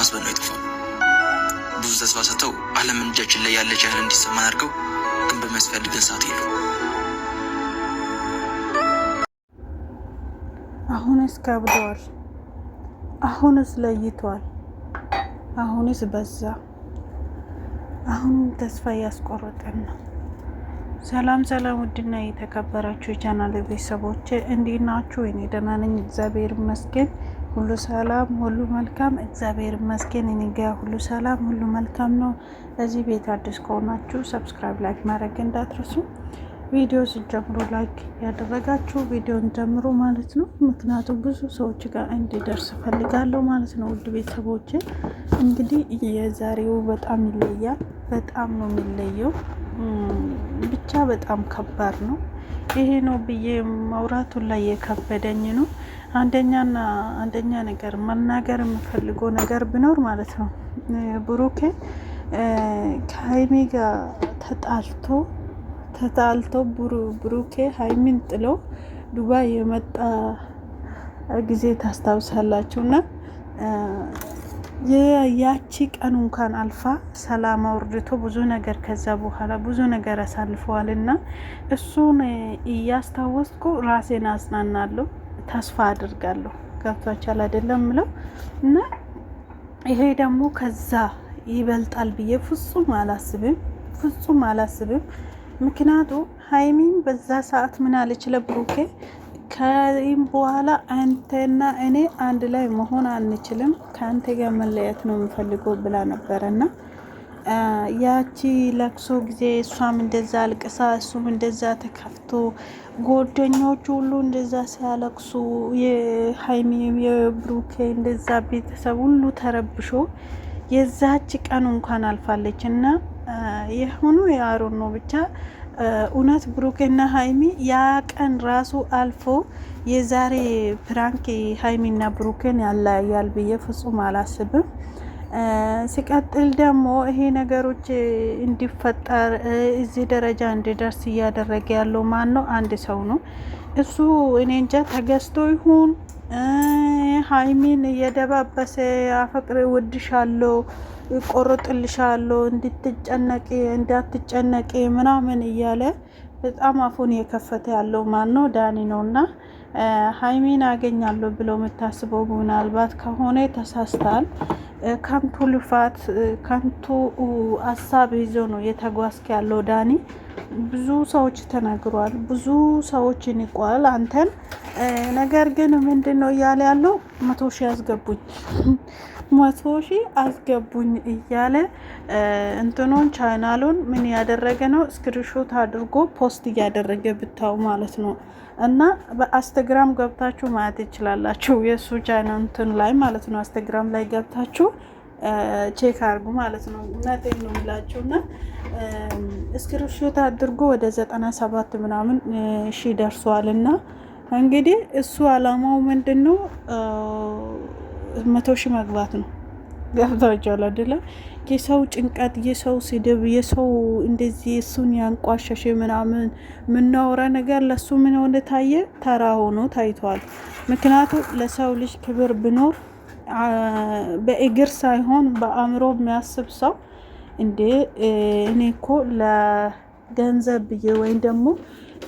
ነፋስ በእና ይጥፋ። ብዙ ተስፋ ሰጥተው ዓለም እንጃችን ላይ ያለች ያህል እንዲሰማን አድርገው ግን በሚያስፈልገን ሰዓት የለም። አሁንስ ከብደዋል። አሁንስ ለይቷል። አሁንስ በዛ። አሁንም ተስፋ እያስቆረጠን ነው። ሰላም ሰላም፣ ውድና የተከበራችሁ የቻናል ቤተሰቦች እንዴት ናችሁ? እኔ ደህና ነኝ፣ እግዚአብሔር ይመስገን። ሁሉ ሰላም ሁሉ መልካም እግዚአብሔር ይመስገን። እኔ ጋ ሁሉ ሰላም ሁሉ መልካም ነው። እዚህ ቤት አዲስ ከሆናችሁ ሰብስክራይብ፣ ላይክ ማድረግ እንዳትረሱ። ቪዲዮ ስጀምሩ ላይክ ያደረጋችሁ ቪዲዮን ጀምሩ ማለት ነው። ምክንያቱም ብዙ ሰዎች ጋር እንዲደርስ ፈልጋለሁ ማለት ነው። ውድ ቤተሰቦቼ እንግዲህ የዛሬው በጣም ይለያል። በጣም ነው የሚለየው። ብቻ በጣም ከባድ ነው። ይሄ ነው ብዬ መውራቱን ላይ የከበደኝ ነው። አንደኛና አንደኛ ነገር መናገር የምፈልገው ነገር ቢኖር ማለት ነው ብሩኬ ከሀይሚ ጋር ተጣልቶ ተጣልቶ ብሩኬ ሀይሚን ጥሎ ዱባይ የመጣ ጊዜ ታስታውሳላችሁ እና ያቺ ቀኑ እንኳን አልፋ ሰላም አውርድቶ ብዙ ነገር ከዛ በኋላ ብዙ ነገር አሳልፈዋል እና እሱን እያስታወስኩ ራሴን አጽናናለሁ። ተስፋ አድርጋለሁ። ገብቷቻል አይደለም ምለው እና ይሄ ደግሞ ከዛ ይበልጣል ብዬ ፍጹም አላስብም፣ ፍጹም አላስብም። ምክንያቱ ሀይሚም በዛ ሰዓት ምን አለች ለብሩኬ፣ ከዚህም በኋላ አንተና እኔ አንድ ላይ መሆን አንችልም፣ ከአንተ ጋር መለያየት ነው የምፈልገው ብላ ነበረና ያቺ ለቅሶ ጊዜ እሷም እንደዛ አልቅሳ እሱም እንደዛ ተከፍቶ ጓደኞቹ ሁሉ እንደዛ ሲያለቅሱ የሀይሚ የብሩኬ እንደዛ ቤተሰብ ሁሉ ተረብሾ የዛች ቀን እንኳን አልፋለች እና የሆኑ የአሮን ነው ብቻ እውነት ብሩኬና ሀይሚ ያ ቀን ራሱ አልፎ የዛሬ ፕራንክ ሀይሚና ብሩኬን ያለያያል ብዬ ፍጹም አላስብም። ሲቀጥል ደግሞ ይሄ ነገሮች እንዲፈጠር እዚህ ደረጃ እንዲደርስ እያደረገ ያለው ማን ነው? አንድ ሰው ነው። እሱ እኔ እንጃ ተገዝቶ ይሁን ሀይሚን እየደባበሰ አፈቅሬ ወድሻለሁ፣ ቆርጥልሻለሁ፣ እንድትጨነቂ እንዳትጨነቂ ምናምን እያለ በጣም አፉን የከፈተ ያለው ማን ነው? ዳኒ ነው እና ሀይሚን አገኛለሁ ብሎ የምታስበው ምናልባት ከሆነ ተሳስታል። ከንቱ ልፋት ከንቱ አሳብ ይዞ ነው የተጓዝክ ያለው ዳኒ ብዙ ሰዎች ተናግሯል። ብዙ ሰዎች ይንቋል አንተን። ነገር ግን ምንድን ነው እያለ ያለው መቶ ሺህ አስገቡኝ፣ መቶ ሺህ አስገቡኝ እያለ እንትኑን ቻናሉን ምን ያደረገ ነው ስክሪንሾት አድርጎ ፖስት እያደረገ ብታው ማለት ነው። እና በአስተግራም ገብታችሁ ማየት ይችላላችሁ የእሱ ቻናል እንትን ላይ ማለት ነው። አስተግራም ላይ ገብታችሁ ቼክ አርጉ ማለት ነው። እውነቴን ነው የምላችሁ እና እስክሪፕሾት አድርጎ ወደ ዘጠና ሰባት ምናምን ሺ ደርሷል። እና እንግዲህ እሱ አላማው ምንድን ነው? መቶ ሺ መግባት ነው። ገብታችኋል አይደለ? የሰው ጭንቀት፣ የሰው ስድብ፣ የሰው እንደዚህ እሱን ያንቋሸሽ ምናምን የምናወራ ነገር ለሱ ምን ሆነ ታየ፣ ተራ ሆኖ ታይቷል። ምክንያቱም ለሰው ልጅ ክብር ብኖር በእግር ሳይሆን በአእምሮ የሚያስብ ሰው እንዴ እኔ እኮ ለገንዘብ ብዬ ወይም ደግሞ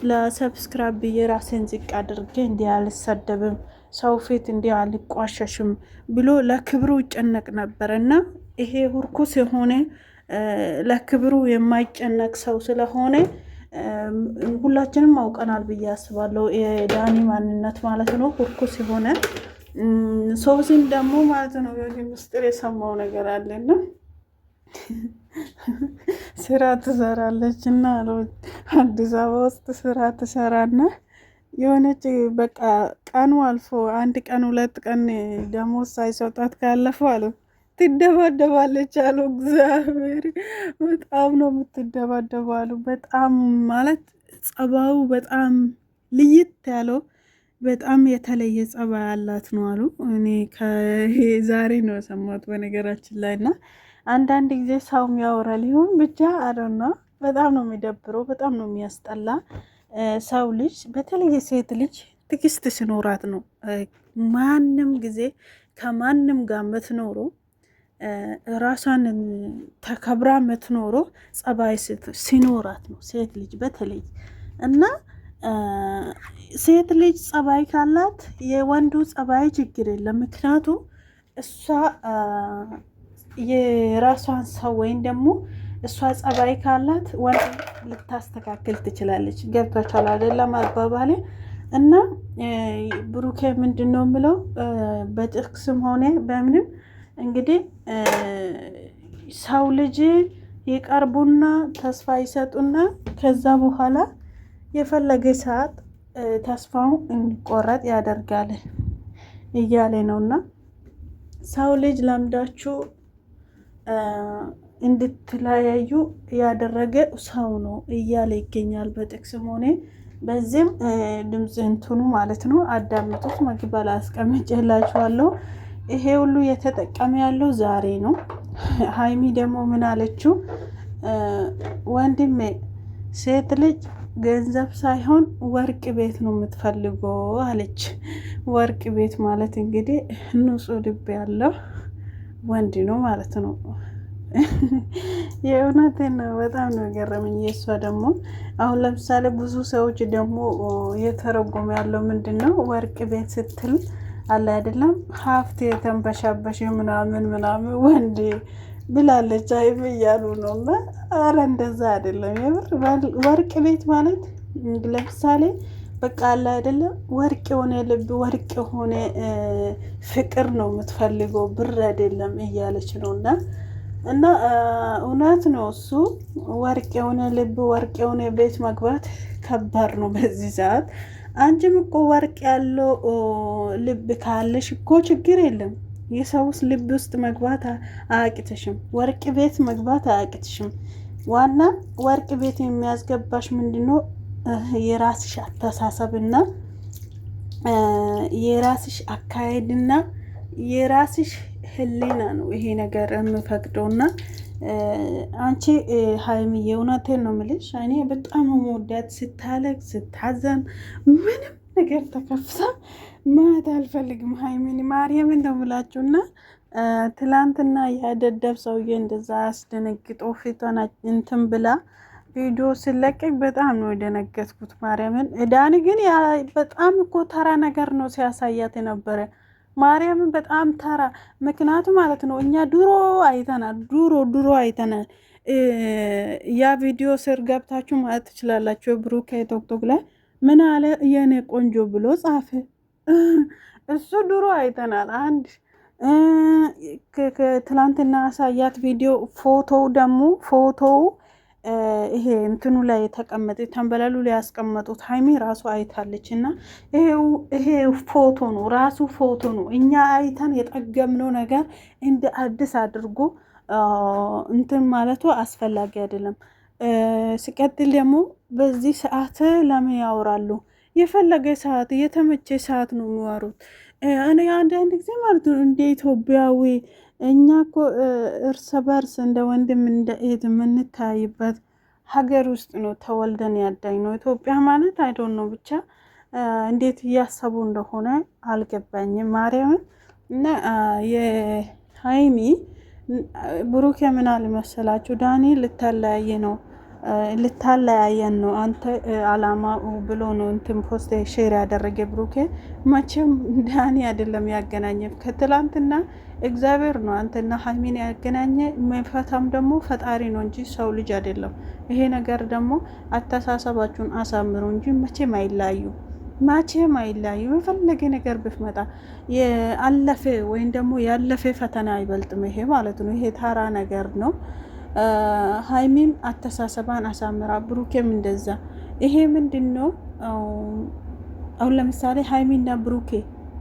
ለሰብስክራይብ ብዬ ራሴን ዝቅ አድርጌ እንዲህ አልሰደብም፣ ሰው ፊት እንዲህ አልቋሸሽም ብሎ ለክብሩ ይጨነቅ ነበር እና ይሄ ሁርኩስ የሆነ ለክብሩ የማይጨነቅ ሰው ስለሆነ ሁላችንም አውቀናል ብዬ አስባለሁ። የዳኒ ማንነት ማለት ነው። ሁርኩስ የሆነ ሶሲም ደግሞ ማለት ነው የሆነ ምስጢር የሰማው ነገር አለና ስራ ትሰራለች እና አዲስ አበባ ውስጥ ስራ ትሰራና የሆነች በቃ ቀኑ አልፎ አንድ ቀን ሁለት ቀን ደሞዝ ሳይሰጣት ካለፈው አሉ ትደባደባለች አሉ። እግዚአብሔር በጣም ነው የምትደባደባሉ። በጣም ማለት ጸባው በጣም ልይት ያለው በጣም የተለየ ጸባይ ያላት ነው አሉ። እኔ ዛሬ ነው ሰማት በነገራችን ላይ እና አንዳንድ ጊዜ ሰው የሚያወራ ሊሆን ብቻ አደና በጣም ነው የሚደብረው፣ በጣም ነው የሚያስጠላ። ሰው ልጅ በተለየ ሴት ልጅ ትግስት ሲኖራት ነው ማንም ጊዜ ከማንም ጋር ምትኖሩ ራሷን ተከብራ ምትኖሩ ጸባይ ሲኖራት ነው ሴት ልጅ በተለይ እና ሴት ልጅ ጸባይ ካላት የወንዱ ጸባይ ችግር የለም። ምክንያቱም እሷ የራሷን ሰው ወይም ደግሞ እሷ ጸባይ ካላት ወንድ ልታስተካክል ትችላለች። ገብቷችኋል አይደለም አባባሌ? እና ብሩኬ ምንድን ነው የምለው በጥቅስም ሆነ በምንም እንግዲህ ሰው ልጅ ይቀርቡና ተስፋ ይሰጡና ከዛ በኋላ የፈለገ ሰዓት ተስፋው እንዲቆረጥ ያደርጋል እያለ ነው። እና ሰው ልጅ ለምዳችሁ እንድትለያዩ ያደረገ ሰው ነው እያለ ይገኛል። በጥቅስም ሆነ በዚህም ድምፅ እንትኑ ማለት ነው። አዳምጡት። መግባል አስቀምጬላችኋለሁ። ይሄ ሁሉ የተጠቀመ ያለው ዛሬ ነው። ሀይሚ ደግሞ ምን አለችው? ወንድሜ ሴት ልጅ ገንዘብ ሳይሆን ወርቅ ቤት ነው የምትፈልጎ አለች። ወርቅ ቤት ማለት እንግዲህ ንጹሕ ልብ ያለው ወንድ ነው ማለት ነው። የእውነቴን ነው። በጣም ነው የገረመኝ። የእሷ ደግሞ አሁን ለምሳሌ ብዙ ሰዎች ደግሞ የተረጎመ ያለው ምንድን ነው ወርቅ ቤት ስትል አለ አይደለም ሀብት የተንበሻበሽ ምናምን ምናምን ወንድ ብላለች አይብ እያሉ ነው። እና አረ እንደዛ አይደለም። የምር ወርቅ ቤት ማለት ለምሳሌ በቃ አለ አይደለም፣ ወርቅ የሆነ ልብ ወርቅ የሆነ ፍቅር ነው የምትፈልገው ብር አይደለም እያለች ነው እና እና እውነት ነው እሱ ወርቅ የሆነ ልብ ወርቅ የሆነ ቤት መግባት ከባድ ነው በዚህ ሰዓት። አንቺም እኮ ወርቅ ያለው ልብ ካለሽ እኮ ችግር የለም የሰውስ ልብ ውስጥ መግባት አያቅትሽም። ወርቅ ቤት መግባት አያቅትሽም። ዋና ወርቅ ቤት የሚያስገባሽ ምንድነው? የራስሽ አስተሳሰብና የራስሽ አካሄድና የራስሽ ህሊና ነው ይሄ ነገር የምፈቅደው የምፈቅደውና አንቺ ሀይሚዬ እውነቴን ነው የምልሽ። እኔ በጣም መወዳት ስታለቅ ስታዘን ምንም ነገር ተከፍታ ማታ አልፈልግም ሀይሚኒ ማርያም ነው ብላችሁና ትላንትና ያደደብ ሰውዬ እንደዛ አስደነግጦ ፊቷን እንትን ብላ ቪዲዮ ስለቀቅ በጣም ነው የደነገጥኩት። ማርያምን እዳኒ ግን በጣም እኮ ተራ ነገር ነው ሲያሳያት የነበረ ማርያምን በጣም ተራ ምክንያቱ ማለት ነው። እኛ ድሮ አይተናል፣ ድሮ ድሮ አይተናል። ያ ቪዲዮ ስር ገብታችሁ ማለት ትችላላችሁ፣ ብሩክ ቶክቶክ ላይ ምን አለ የኔ ቆንጆ ብሎ ጻፈ። እሱ ድሮ አይተናል። አንድ ትላንትና አሳያት ቪዲዮ ፎቶው ደግሞ ፎቶው ይሄ እንትኑ ላይ የተቀመጠ ተንበላሉ ላይ ያስቀመጡት ሀይሜ ራሱ አይታለች። እና ይሄ ፎቶ ነው ራሱ ፎቶ ነው። እኛ አይተን የጠገምነው ነገር እንደ አዲስ አድርጎ እንትን ማለቱ አስፈላጊ አይደለም። ሲቀጥል ደግሞ በዚህ ሰዓት ለምን ያወራሉ? የፈለገ ሰዓት የተመቸ ሰዓት ነው የሚዋሩት። እኔ አንዳንድ ጊዜ ማለት ነው እንደ ኢትዮጵያዊ እኛ እኮ እርስ በርስ እንደ ወንድም እንደ እህት የምንታይበት ሀገር ውስጥ ነው ተወልደን ያዳኝ ነው ኢትዮጵያ ማለት አይዶን ነው ብቻ እንዴት እያሰቡ እንደሆነ አልገባኝም። ማርያምን እና የሀይሚ ብሩክ የምናል አልመሰላችሁ ዳኒ ልታለያየ ነው ልታለያየን ነው አንተ አላማ ብሎ ነው እንትን ፖስት ሼር ያደረገ ብሩኬ። መቼም ዳኒ አይደለም ያገናኘ ከትላንትና እግዚአብሔር ነው አንተና ሀይሚን ያገናኘ። መፈታም ደግሞ ፈጣሪ ነው እንጂ ሰው ልጅ አይደለም። ይሄ ነገር ደግሞ አተሳሰባችሁን አሳምሮ እንጂ መቼም አይለያዩ፣ መቼም አይለያዩ። የፈለገ ነገር ብትመጣ የአለፈ ወይም ደግሞ ያለፈ ፈተና አይበልጥም። ይሄ ማለት ነው። ይሄ ታራ ነገር ነው። ሀይሚም አተሳሰባን አሳምራ፣ ብሩኬም እንደዛ። ይሄ ምንድን ነው? አሁን ለምሳሌ ሀይሚና ብሩኬ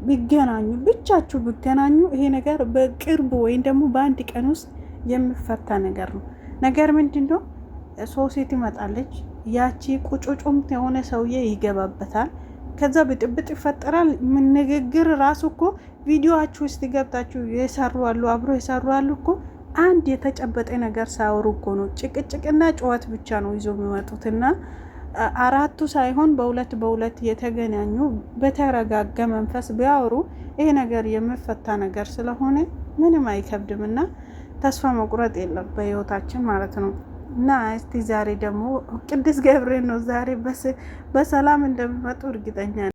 ቢገናኙ ብቻችሁ ቢገናኙ ይሄ ነገር በቅርቡ ወይም ደግሞ በአንድ ቀን ውስጥ የሚፈታ ነገር ነው። ነገር ምንድን ነው? ሶሴ ትመጣለች። ያቺ ቁጩጩም የሆነ ሰውዬ ይገባበታል። ከዛ ብጥብጥ ይፈጠራል። ንግግር ራሱ እኮ ቪዲዮችሁ ውስጥ ገብታችሁ የሰሩ አሉ፣ አብሮ የሰሩ አሉ እኮ አንድ የተጨበጠ ነገር ሳያወሩ እኮ ነው። ጭቅጭቅና ጨዋት ብቻ ነው ይዞ የሚመጡትና አራቱ ሳይሆን በሁለት በሁለት የተገናኙ በተረጋጋ መንፈስ ቢያወሩ ይሄ ነገር የምፈታ ነገር ስለሆነ ምንም አይከብድም እና ተስፋ መቁረጥ የለም በህይወታችን ማለት ነው። እና እስቲ ዛሬ ደግሞ ቅድስት ገብርኤል ነው ዛሬ በሰላም እንደሚመጡ እርግጠኛ